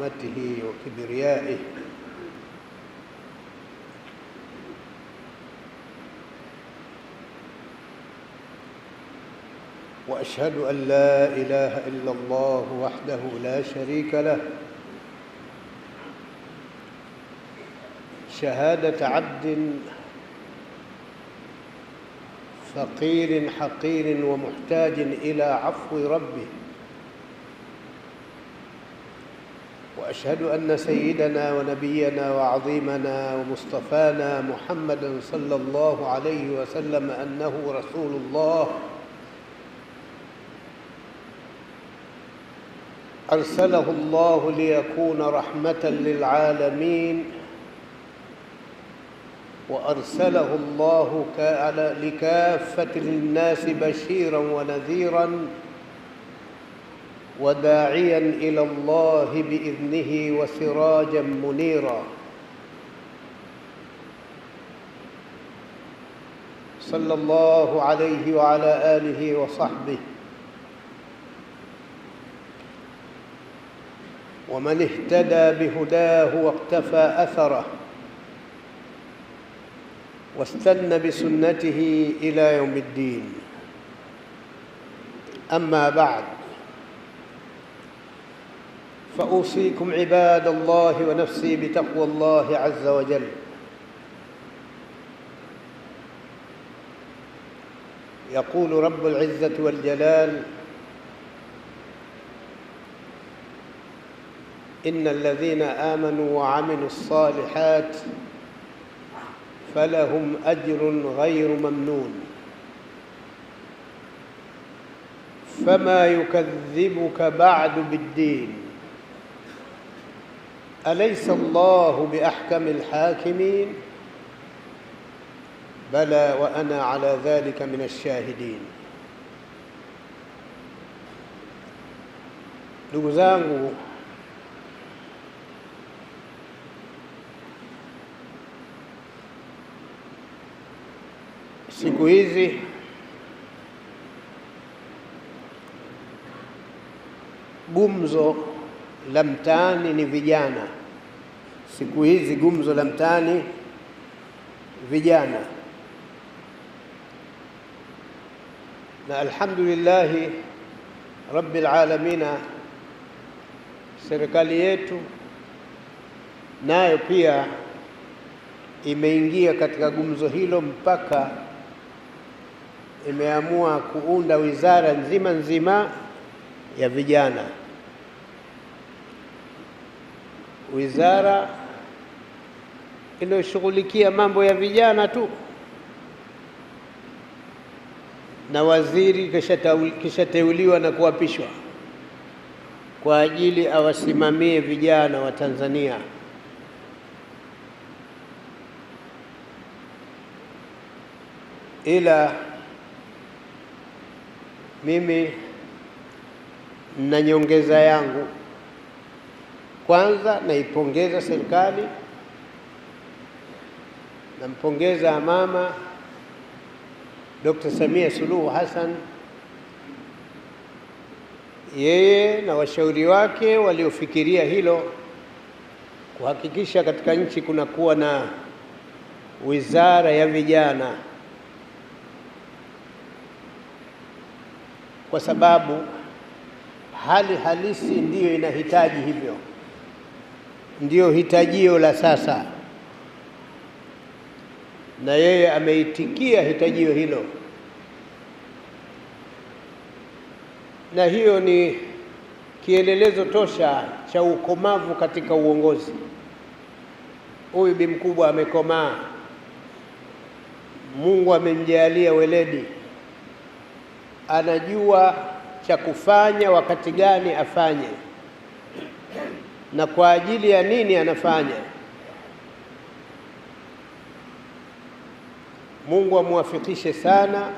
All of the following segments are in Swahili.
عظمته وكبريائه واشهد ان لا اله الا الله وحده لا شريك له شهاده عبد فقير حقير ومحتاج الى عفو ربه واشهد ان سيدنا ونبينا وعظيمنا ومصطفانا محمدا صلى الله عليه وسلم انه رسول الله ارسله الله ليكون رحمه للعالمين وارسله الله لكافه الناس بشيرا ونذيرا وداعيا الى الله باذنه وسراجا منيرا صلى الله عليه وعلى اله وصحبه ومن اهتدى بهداه واقتفى اثره واستنى بسنته الى يوم الدين اما بعد فأوصيكم عباد الله ونفسي بتقوى الله عز وجل يقول رب العزة والجلال إن الذين آمنوا وعملوا الصالحات فلهم أجر غير ممنون فما يكذبك بعد بالدين أليس الله بأحكم الحاكمين بلى وأنا على ذلك من الشاهدين لغزانه سيكويزي siku hizi gumzo la mtaani ni vijana Siku hizi gumzo la mtaani vijana, na alhamdulillah rabbil alamin, serikali yetu nayo pia imeingia katika gumzo hilo mpaka imeamua kuunda wizara nzima nzima ya vijana, wizara iliyoshughulikia mambo ya vijana tu, na waziri kishateuliwa na kuapishwa kwa ajili awasimamie vijana wa Tanzania. Ila mimi na nyongeza yangu, kwanza naipongeza serikali Nampongeza mama Dr. Samia Suluhu Hassan, yeye na washauri wake waliofikiria hilo kuhakikisha katika nchi kunakuwa na wizara ya vijana, kwa sababu hali halisi ndiyo inahitaji hivyo, ndiyo hitajio la sasa na yeye ameitikia hitajio hilo, na hiyo ni kielelezo tosha cha ukomavu katika uongozi. Huyu bi mkubwa amekomaa, Mungu amemjalia weledi, anajua cha kufanya wakati gani afanye na kwa ajili ya nini anafanya. Mungu amwafikishe sana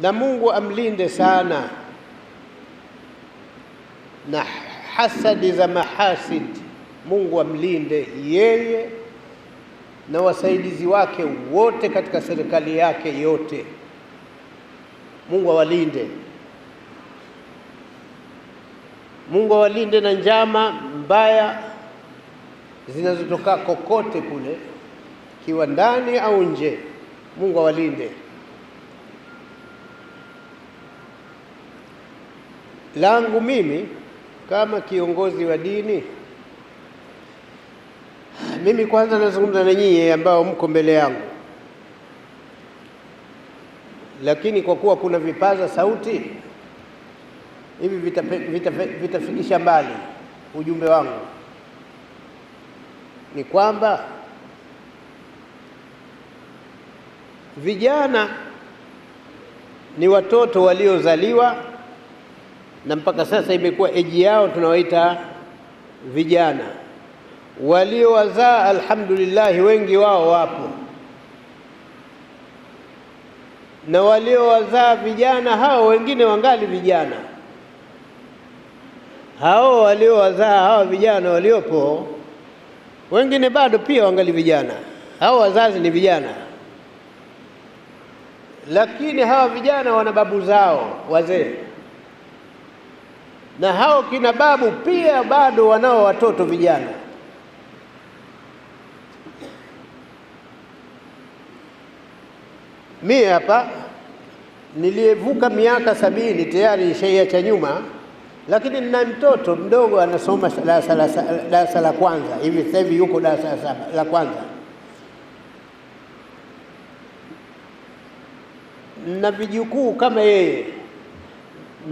na Mungu amlinde sana na hasadi za mahasid. Mungu amlinde yeye na wasaidizi wake wote katika serikali yake yote. Mungu awalinde, Mungu awalinde na njama mbaya zinazotoka kokote kule kiwa ndani au nje. Mungu awalinde. Langu mimi kama kiongozi wa dini, mimi kwanza nazungumza na nyinyi ambao mko mbele yangu, lakini kwa kuwa kuna vipaza sauti hivi vitafikisha vita, vita mbali ujumbe wangu ni kwamba Vijana ni watoto waliozaliwa na mpaka sasa imekuwa eji yao tunawaita vijana. Waliowazaa alhamdulillahi, wengi wao wapo, na waliowazaa vijana hao wengine wangali vijana. Hao waliowazaa hawa vijana waliopo wengine bado pia wangali vijana, hao wazazi ni vijana lakini hawa vijana wana babu zao wazee, na hao kina babu pia bado wanao watoto vijana. Mie hapa niliyevuka miaka sabini tayari sheia cha nyuma, lakini nina mtoto mdogo anasoma darasa la kwanza hivi sasa hivi, yuko darasa la kwanza na vijukuu kama yeye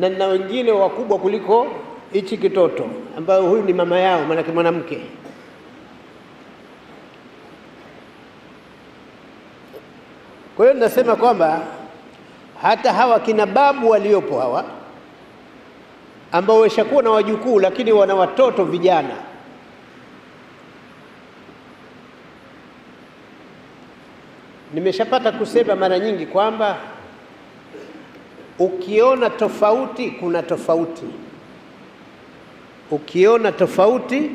na na wengine wakubwa kuliko hichi kitoto, ambayo huyu ni mama yao, maanake mwanamke. Kwa hiyo nasema kwamba hata hawa kina babu waliopo hawa ambao weshakuwa na wajukuu, lakini wana watoto vijana, nimeshapata kusema mara nyingi kwamba Ukiona tofauti, kuna tofauti. Ukiona tofauti,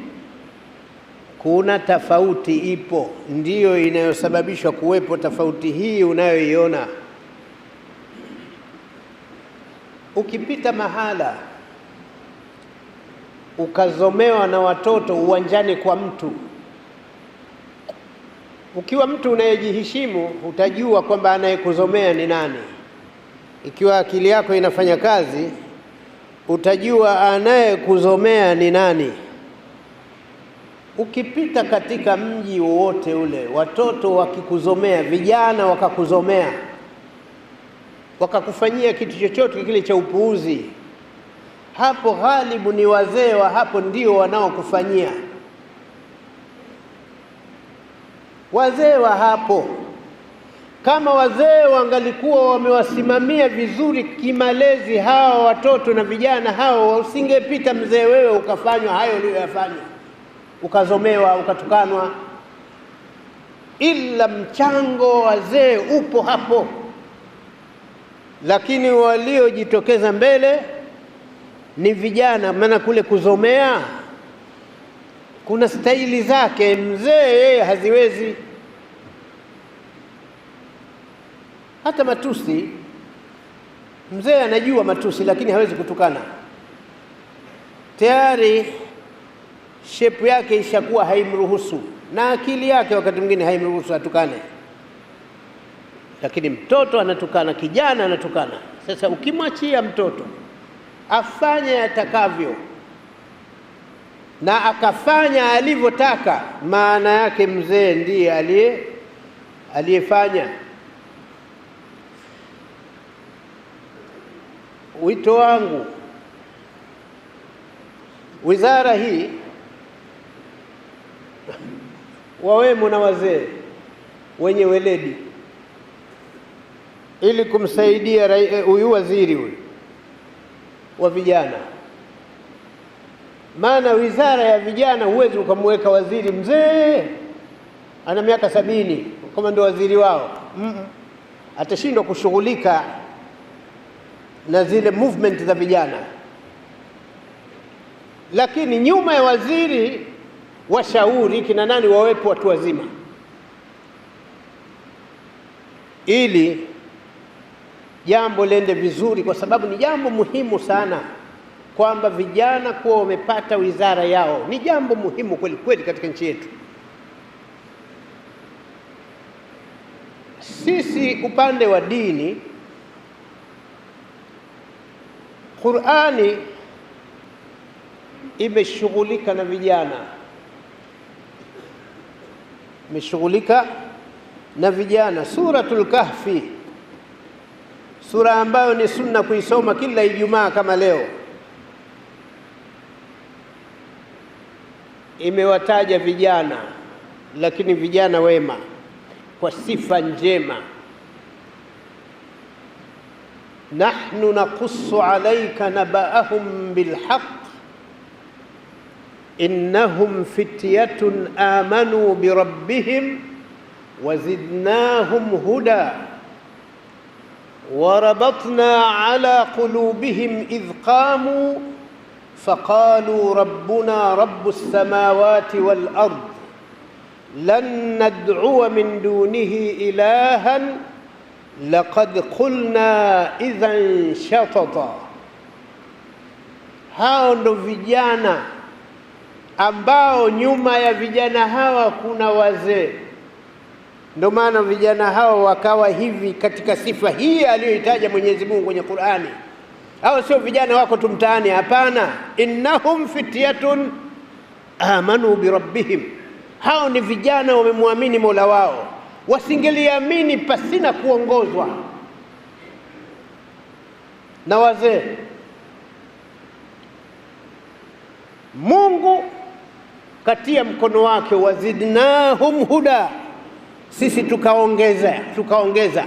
kuna tofauti ipo, ndiyo inayosababishwa kuwepo tofauti hii unayoiona. Ukipita mahala ukazomewa na watoto uwanjani kwa mtu, ukiwa mtu unayejiheshimu, utajua kwamba anayekuzomea ni nani ikiwa akili yako inafanya kazi, utajua anayekuzomea ni nani. Ukipita katika mji wowote ule, watoto wakikuzomea, vijana wakakuzomea, wakakufanyia kitu chochote kile cha upuuzi, hapo ghalibu ni wazee wa hapo ndio wanaokufanyia. Wazee wa hapo kama wazee wangalikuwa wamewasimamia vizuri kimalezi hawa watoto na vijana hao, usingepita mzee wewe ukafanywa hayo uliyoyafanya, ukazomewa, ukatukanwa. Ila mchango wazee upo hapo, lakini waliojitokeza mbele ni vijana. Maana kule kuzomea kuna staili zake, mzee yeye haziwezi Hata matusi, mzee anajua matusi, lakini hawezi kutukana. Tayari shepu yake ishakuwa haimruhusu na akili yake wakati mwingine haimruhusu atukane, lakini mtoto anatukana, kijana anatukana. Sasa ukimwachia mtoto afanye atakavyo na akafanya alivyotaka, maana yake mzee ndiye aliyefanya Wito wangu wizara hii, wawemo na wazee wenye weledi ili kumsaidia eh, huyu waziri huyu wa vijana. Maana wizara ya vijana huwezi ukamweka waziri mzee ana miaka sabini kama ndio waziri wao, mm -mm. Atashindwa kushughulika na zile movement za vijana, lakini nyuma ya waziri washauri kina nani wawepo watu wazima, ili jambo lende vizuri, kwa sababu ni jambo muhimu sana kwamba vijana kuwa wamepata wizara yao ni jambo muhimu kweli kweli katika nchi yetu. Sisi upande wa dini Qur'ani imeshughulika na vijana, imeshughulika na vijana. Suratul Kahfi, sura ambayo ni sunna kuisoma kila Ijumaa kama leo, imewataja vijana, lakini vijana wema kwa sifa njema نحن نقص عليك نبأهم بالحق إنهم فتية آمنوا بربهم وزدناهم هدى وربطنا على قلوبهم إذ قاموا فقالوا ربنا رب السماوات والأرض لن ندعو من دونه إلهًا laqad qulna idhan shatata. Hao ndo vijana ambao nyuma ya vijana hawa kuna wazee. Ndo maana vijana hawa wakawa hivi katika sifa hii aliyoitaja Mwenyezi Mungu kwenye Qur'ani. Hao sio vijana wako tu mtaani, hapana. Innahum fityatun amanu birabbihim, hao ni vijana wamemwamini mola wao wasingeliamini pasina kuongozwa na wazee. Mungu katia mkono wake, wazidnahum huda, sisi tukaongeza tukaongeza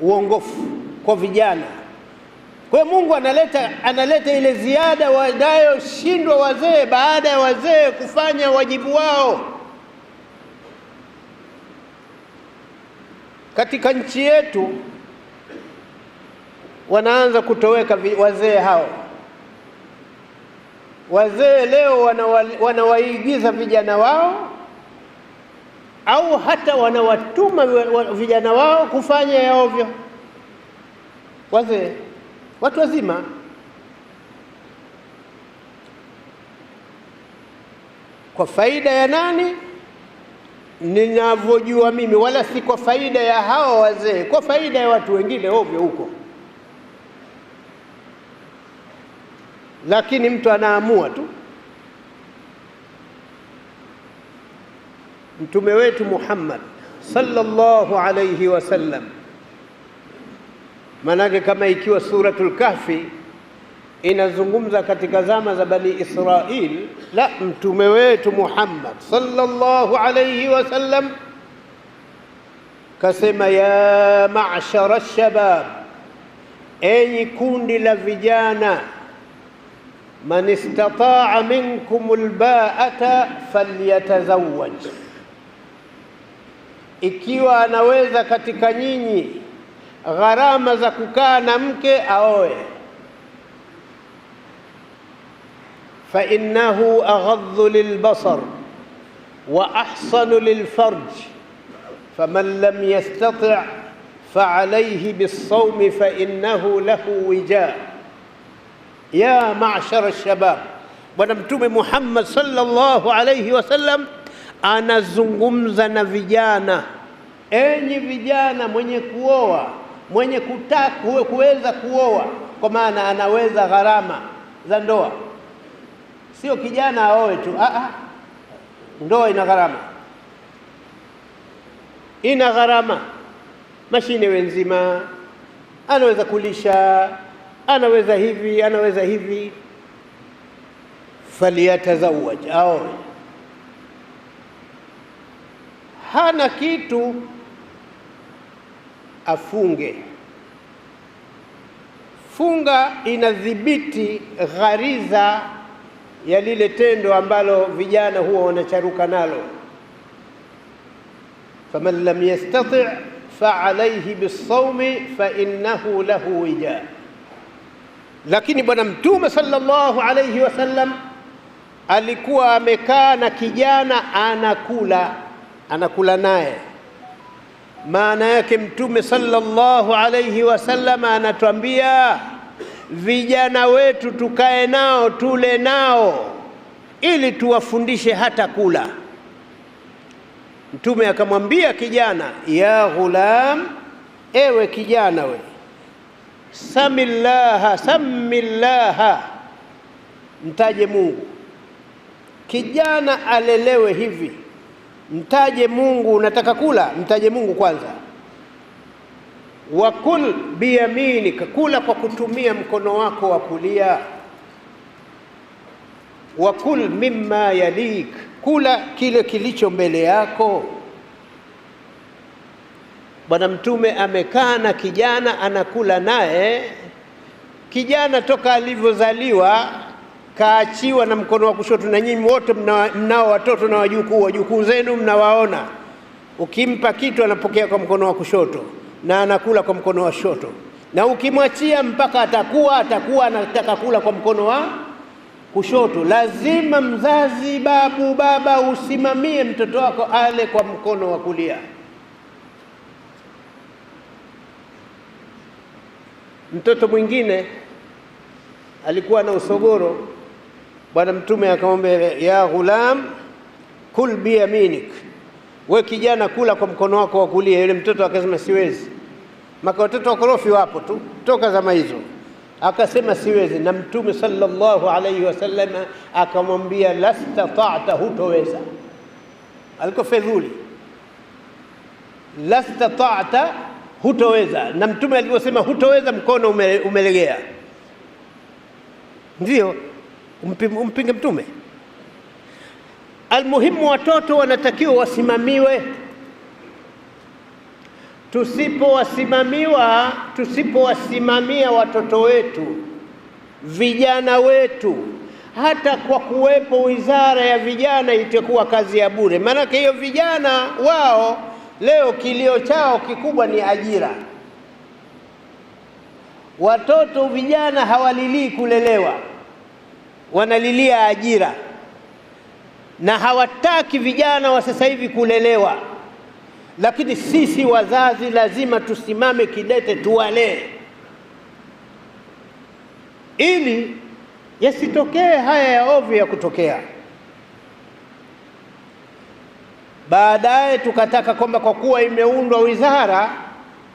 uongofu kwa vijana. Kwa hiyo Mungu analeta, analeta ile ziada wanayoshindwa wazee baada ya wazee kufanya wajibu wao. katika nchi yetu wanaanza kutoweka wazee hao. Wazee leo wanawaigiza vijana wao au hata wanawatuma vijana wao kufanya yaovyo. Wazee watu wazima kwa faida ya nani? ninavyojua mimi, wala si kwa faida ya hawa wazee, kwa faida ya watu wengine ovyo huko. Lakini mtu anaamua tu. Mtume wetu Muhammad sallallahu alayhi wasallam, manake kama ikiwa Suratul Kahfi inazungumza katika zama za Bani Israil, la mtume wetu Muhammad sallallahu alayhi wasallam kasema, ya ma'shara shabab, enyi kundi la vijana, man istataa minkum lbaata falyatazawaj, ikiwa anaweza katika nyinyi gharama za kukaa na mke aoe فإنه أغض للبصر وأحصن للفرج فمن لم يستطع فعليه بالصوم فإنه له وجاء يا معشر الشباب ونمتم محمد صلى الله عليه وسلم أنا زنغمزنا فيجانا أني فيجانا من يكووا من يكتاك هو كويزا كووا كما أنا أنا ويزا غرامة ذا sio kijana aoe tu. Ah, ah, ndoa ina gharama, ina gharama. Mashine wenzima anaweza kulisha, anaweza hivi, anaweza hivi. Faliyatazawaj, aoe. Hana kitu afunge. Funga inadhibiti ghariza ya lile tendo ambalo vijana huwa wanacharuka nalo. faman lam yastati faalaihi bisaumi fainnahu lahu wija. Lakini Bwana Mtume sallallahu alayhi wasallam alikuwa amekaa na kijana anakula, anakula naye. Maana yake Mtume sallallahu alayhi wasallam anatuambia vijana wetu tukae nao tule nao, ili tuwafundishe hata kula. Mtume akamwambia kijana, ya ghulam, ewe kijana we, samillaha samillaha, mtaje Mungu. Kijana alelewe hivi, mtaje Mungu. Unataka kula, mtaje Mungu kwanza wa kul biyaminika, kula kwa kutumia mkono wako wa kulia. Wa kul mimma yalik, kula kile kilicho mbele yako. Bwana Mtume amekaa na kijana anakula naye. Kijana toka alivyozaliwa kaachiwa na mkono wa kushoto, na nyinyi wote mnao watoto na wajukuu, wajukuu zenu mnawaona, ukimpa kitu anapokea kwa mkono wa kushoto na anakula kwa mkono wa shoto, na ukimwachia mpaka atakuwa atakuwa anataka kula kwa mkono wa kushoto. Lazima mzazi, babu, baba, usimamie mtoto wako ale kwa mkono wa kulia. Mtoto mwingine alikuwa na usogoro, Bwana Mtume akamwambia, ya ghulam kul biyaminik, we kijana, kula kwa mkono wako wa kulia. Yule mtoto akasema siwezi maka watoto wakorofi wapo tu toka zama hizo. Akasema siwezi, na Mtume sallallahu alaihi wasallam akamwambia lastatata, hutoweza. Aliko fedhuli lastatata, hutoweza. Na Mtume aliposema hutoweza, mkono umelegea. Ndio umpinge Mtume? Almuhimu, watoto wanatakiwa wasimamiwe tusipowasimamiwa tusipowasimamia watoto wetu vijana wetu, hata kwa kuwepo wizara ya vijana itakuwa kazi ya bure. Maanake hiyo vijana wao leo kilio chao kikubwa ni ajira. Watoto vijana hawalilii kulelewa, wanalilia ajira, na hawataki vijana wa sasa hivi kulelewa. Lakini sisi wazazi lazima tusimame kidete, tuwalee ili yasitokee haya ya ovyo ya kutokea baadaye, tukataka kwamba kwa kuwa imeundwa wizara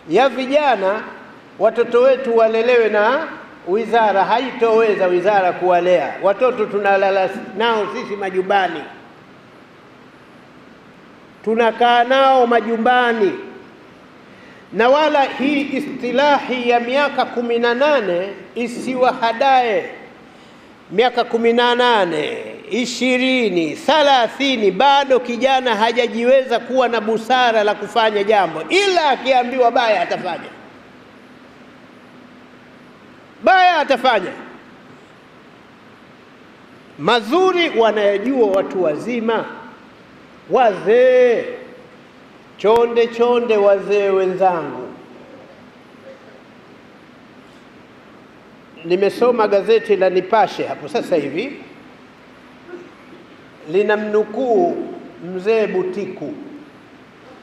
ya vijana, watoto wetu walelewe na wizara. Haitoweza wizara kuwalea watoto, tunalala nao sisi majumbani tunakaa nao majumbani, na wala hii istilahi ya miaka kumi na nane isiwahadae miaka kumi na nane ishirini thalathini, bado kijana hajajiweza kuwa na busara la kufanya jambo, ila akiambiwa baya atafanya, baya atafanya. Mazuri wanayajua watu wazima Wazee chonde chonde, wazee wenzangu, nimesoma gazeti la Nipashe hapo sasa hivi, lina mnukuu mzee Butiku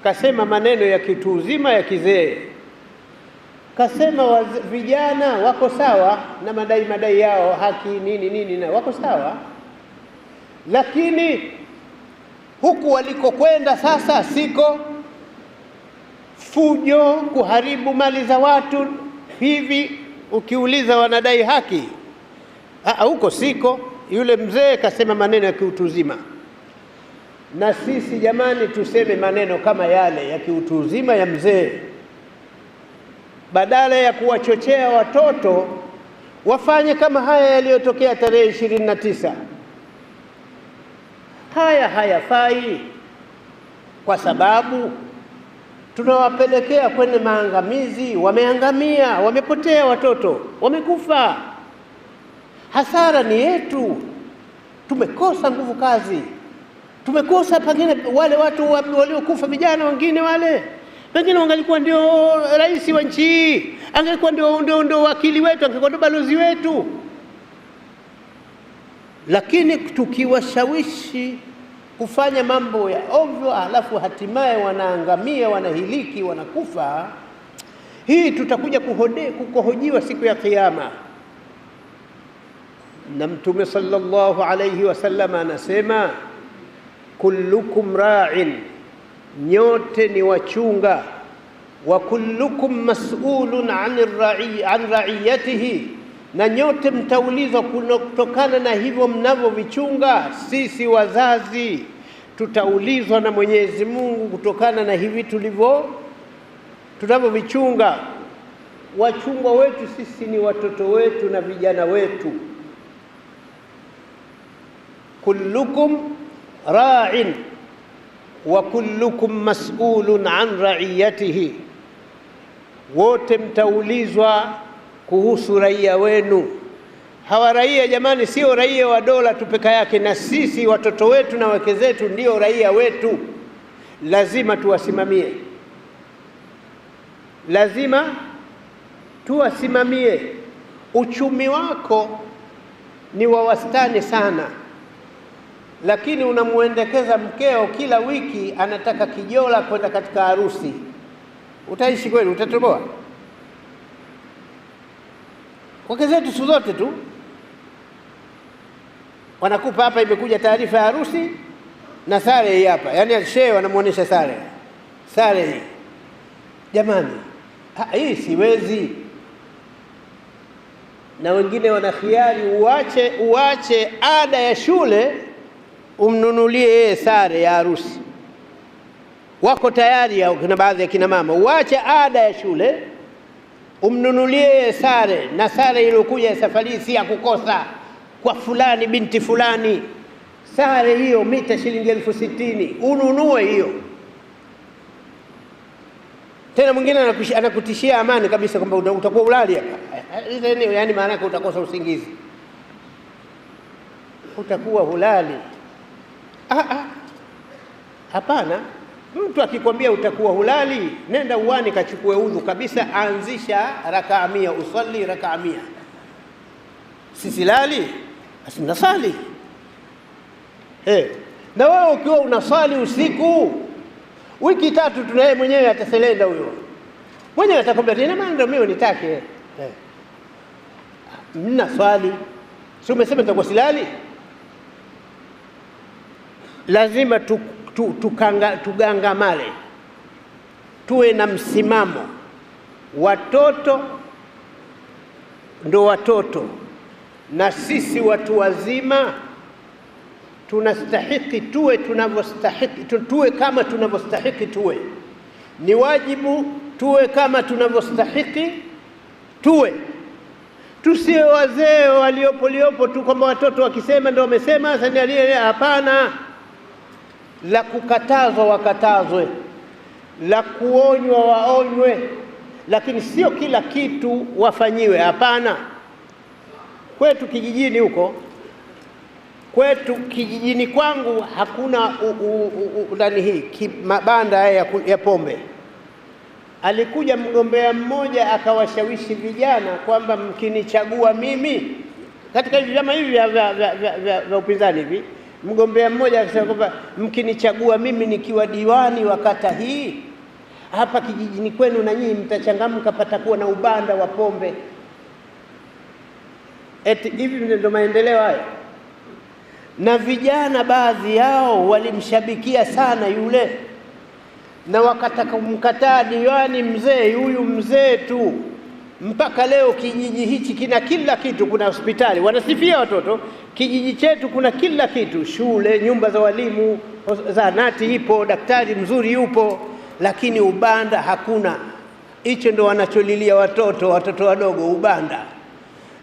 kasema maneno ya kitu uzima ya kizee, kasema wazee, vijana wako sawa na madai madai yao haki nini nini, na wako sawa lakini huku walikokwenda sasa siko fujo, kuharibu mali za watu hivi. Ukiuliza wanadai haki, aa ah, ah, huko siko. Yule mzee kasema maneno ya kiutu uzima, na sisi jamani, tuseme maneno kama yale ya kiutu uzima ya mzee, badala ya kuwachochea watoto wafanye kama haya yaliyotokea tarehe ishirini na tisa haya hayafai, kwa sababu tunawapelekea kwenye maangamizi. Wameangamia, wamepotea, watoto wamekufa, hasara ni yetu. Tumekosa nguvu kazi, tumekosa pengine wale watu waliokufa, vijana wengine wale pengine wangalikuwa ndio rais wa nchi hii, angelikuwa ndio wakili wetu, angekuwa ndio balozi wetu lakini tukiwashawishi kufanya mambo ya ovyo, alafu hatimaye wanaangamia, wanahiliki, wanakufa, hii tutakuja kuhode, kukohojiwa siku ya Kiyama. Na Mtume sallallahu alayhi wasallam anasema kullukum ra'in, nyote ni wachunga, wa kullukum mas'ulun an ra'iyatihi na nyote mtaulizwa kutokana na hivyo mnavyovichunga. Sisi wazazi tutaulizwa na Mwenyezi Mungu kutokana na hivi tulivyo tunavyovichunga. Wachungwa wetu sisi ni watoto wetu na vijana wetu. kullukum ra'in wa kullukum mas'ulun an ra'iyatihi, wote mtaulizwa kuhusu raia wenu. Hawa raia jamani, sio raia wa dola tu peke yake, na sisi watoto wetu na wake zetu ndio raia wetu, lazima tuwasimamie, lazima tuwasimamie. Uchumi wako ni wa wastani sana, lakini unamwendekeza mkeo kila wiki anataka kijola kwenda katika harusi, utaishi kweli? Utatoboa? wake zetu siku zote tu wanakupa hapa, imekuja taarifa ya harusi na sare hii hapa, yaani shehe wanamuonesha sare, sare hii. Jamani, hii siwezi. Na wengine khiari, uache uache ada ya shule umnunulie yeye sare ya harusi, wako tayari. Kuna baadhi ya kina mama, uache ada ya shule umnunulie sare, na sare iliyokuja safari si ya kukosa kwa fulani binti fulani. Sare hiyo mita shilingi elfu sitini ununue hiyo. Tena mwingine anakutishia amani kabisa kwamba utakuwa ulali hapa, yaani maana yake utakosa usingizi, utakuwa ulali ah, ah. Hapana. Mtu akikwambia utakuwa hulali, nenda uwani kachukue udhu kabisa, anzisha rakaa mia, usalli rakaa mia. Sisi lali basi nasali hey. Na wewe ukiwa unasali usiku, wiki tatu tunaye mwenyewe ataselenda huyo mwenyewe atakwambia tena, maana ndio mimi nitake hey. Mna swali si umesema nitakuwa silali, lazima tu tu, tukanga, tugangamale, tuwe na msimamo. Watoto ndo watoto, na sisi watu wazima tunastahiki tuwe tunavyostahiki, tuwe kama tunavyostahiki tuwe. Ni wajibu tuwe kama tunavyostahiki tuwe, tusiwe wazee waliopoliopo tu kwamba watoto wakisema ndio wamesema, sasa ni aliye. Hapana la kukatazwa wakatazwe, la kuonywa waonywe, lakini sio kila kitu wafanyiwe. Hapana, kwetu kijijini huko kwetu kijijini kwangu hakuna ndani hii mabanda haya ya pombe. Alikuja mgombea mmoja akawashawishi vijana kwamba mkinichagua mimi katika hivi vyama hivi vya upinzani hivi Mgombea mmoja akisema kwamba mkinichagua mimi nikiwa diwani wa kata hii hapa kijijini kwenu, na nyinyi mtachangamka, patakuwa na ubanda wa pombe. Eti hivi ndio maendeleo hayo? Na vijana baadhi yao walimshabikia sana yule, na wakataka kumkataa diwani mzee, huyu mzee tu mpaka leo kijiji hichi kina kila kitu, kuna hospitali, wanasifia watoto. Kijiji chetu kuna kila kitu, shule, nyumba za walimu, zahanati ipo, daktari mzuri yupo, lakini ubanda hakuna. Hicho ndo wanacholilia watoto, watoto wadogo, ubanda.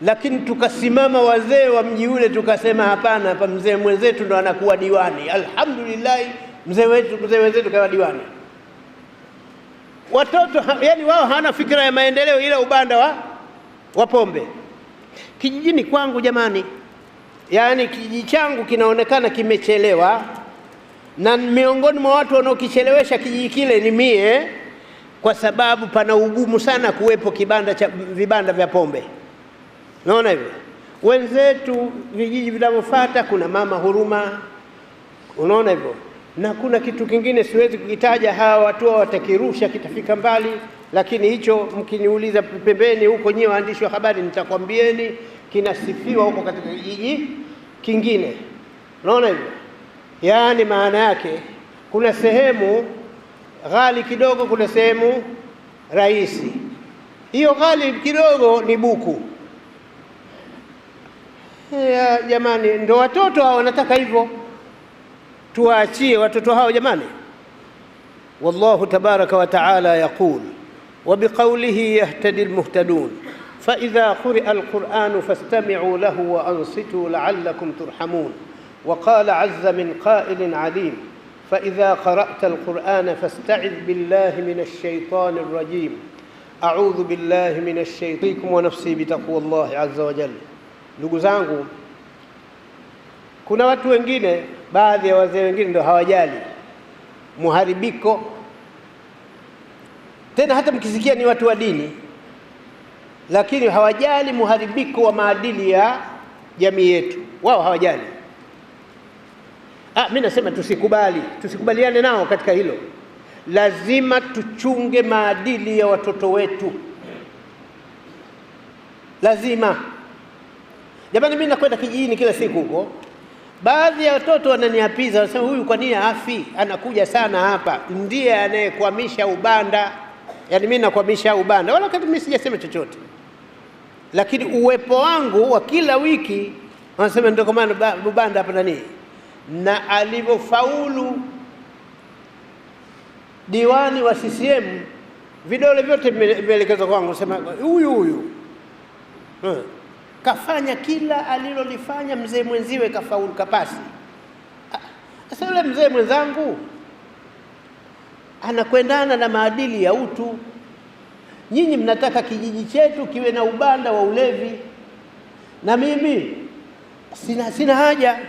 Lakini tukasimama wazee wa mji ule tukasema, hapana, hapa mzee mwenzetu ndo anakuwa diwani. Alhamdulillah, mzee wetu mzee wenzetu kawa diwani watoto ha, yani wao hawana fikira ya maendeleo, ile ubanda wa, wa pombe. Kijijini kwangu jamani, yani kijiji changu kinaonekana kimechelewa, na miongoni mwa watu wanaokichelewesha kijiji kile ni mie, kwa sababu pana ugumu sana kuwepo kibanda cha vibanda vya pombe. Naona hivyo wenzetu vijiji vinavyofuata, kuna mama huruma, unaona hivyo na kuna kitu kingine siwezi kukitaja, hawa watu watakirusha kitafika mbali, lakini hicho mkiniuliza pembeni huko, nyewe waandishi wa habari, nitakwambieni kinasifiwa huko katika kijiji kingine. Unaona hivyo, yaani maana yake kuna sehemu ghali kidogo, kuna sehemu rahisi. Hiyo ghali kidogo ni buku ya jamani, ndo watoto hao wanataka hivyo. tuwaachie watoto hao jamani. Wallahu tabaraka wa taala yaqul wa biqaulihi yahtadi almuhtadun fa idha quria alquranu fastami'u lahu wa ansitu la'allakum turhamun wa qala 'azza min qa'ilin 'alim fa idha qara'ta alqurana fasta'idh billahi minash shaitanir rajim a'udhu billahi minash shaitanikum wa nafsi bitaqwallahi 'azza wa jalla. Ndugu zangu, kuna watu wengine baadhi ya wazee wengine ndio hawajali muharibiko. Tena hata mkisikia ni watu wa dini, lakini hawajali muharibiko wa maadili ya jamii yetu, wao hawajali. Ah, mimi nasema tusikubali, tusikubaliane nao katika hilo. Lazima tuchunge maadili ya watoto wetu, lazima. Jamani, mimi nakwenda kijijini kila siku huko Baadhi ya watoto wananiapiza, wanasema huyu kwa nini afi? Anakuja sana hapa, ndiye anayekwamisha ubanda. yani mimi nakwamisha ubanda, wala wakati mimi sijasema chochote, lakini uwepo wangu wa kila wiki wanasema ndio kwa maana ubanda hapa nani na alivyofaulu diwani wa CCM, vidole vyote vimeelekezwa kwangu, sema huyu huyu hmm kafanya kila alilolifanya mzee mwenziwe, kafaulu, kapasi. Ah, sasa yule mzee mwenzangu anakwendana na maadili ya utu. Nyinyi mnataka kijiji chetu kiwe na ubanda wa ulevi, na mimi sina, sina haja.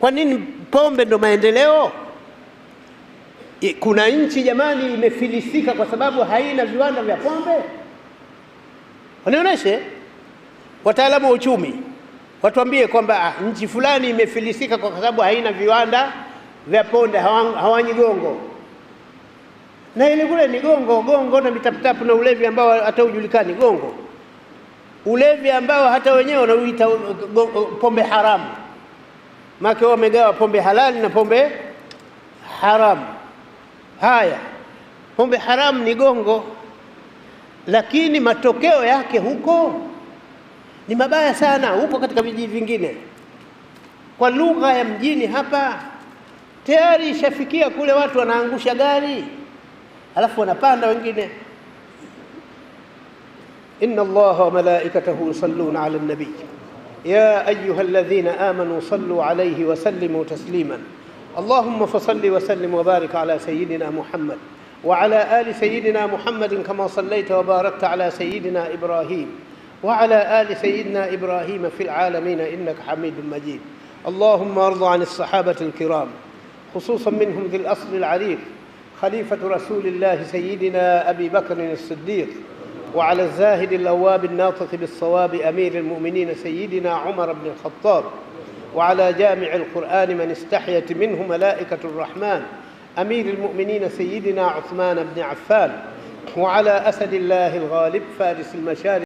Kwa nini pombe ndo maendeleo? Kuna nchi jamani, imefilisika kwa sababu haina viwanda vya pombe? Wanionyeshe. Wataalamu wa uchumi watuambie kwamba ah, nchi fulani imefilisika kwa sababu haina viwanda vya ponde, hawanyi gongo, na ile kule ni gongo gongo na mitaputapu na ulevi ambao hata hujulikani gongo, ulevi ambao hata wenyewe wanauita uh, uh, pombe haramu, maana wamegawa pombe halali na pombe haramu. Haya, pombe haramu ni gongo, lakini matokeo yake huko ni mabaya sana huko katika vijiji vingine. Kwa lugha ya mjini hapa tayari ishafikia kule, watu wanaangusha gari alafu wanapanda wengine. Inna Allaha wa malaikatahu yusalluna ala nabi ya ayuha alladhina amanu sallu alayhi wa sallimu tasliman Allahumma fasalli wa sallim wa barik ala sayyidina Muhammad وعلى آل سيدنا محمد كما صليت وباركت على سيدنا إبراهيم وعلى آل سيدنا إبراهيم في العالمين إنك حميد مجيد اللهم ارض عن الصحابة الكرام خصوصا منهم ذي الأصل العريف خليفة رسول الله سيدنا أبي بكر الصديق وعلى الزاهد الأواب الناطق بالصواب أمير المؤمنين سيدنا عمر بن الخطاب وعلى جامع القرآن من استحيت منه ملائكة الرحمن أمير المؤمنين سيدنا عثمان بن عفان وعلى أسد الله الغالب فارس المشارق